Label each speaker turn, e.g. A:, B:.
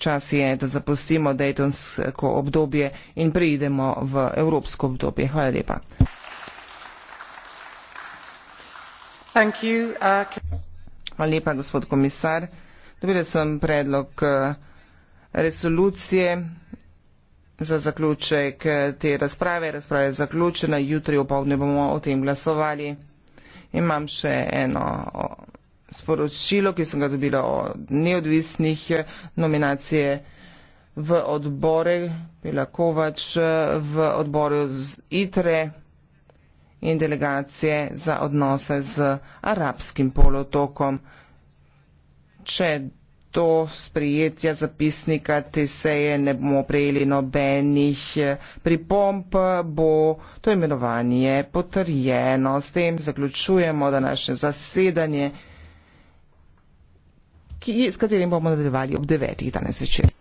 A: čas je, da zapustimo dejtonsko obdobje in preidemo v evropsko obdobje. Hvala lepa. Uh, Hvala lepa, gospod komisar. Dobila sem predlog uh, resolucije za zaključek uh, te razprave. Razprava je zaključena. Jutri v povdne bomo o tem glasovali. Imam še eno sporočilo, ki sem ga dobila od neodvisnih eh, nominacije v odbore, Bela Kovač eh, v odboru z ITRE in delegacije za odnose z arabskim polotokom. Če do sprijetja zapisnika te seje ne bomo prejeli nobenih eh, pripomp, bo to imenovanje potrjeno. S tem zaključujemo današnje zasedanje ki, s katerim bomo nadaljevali ob devetih danes večer.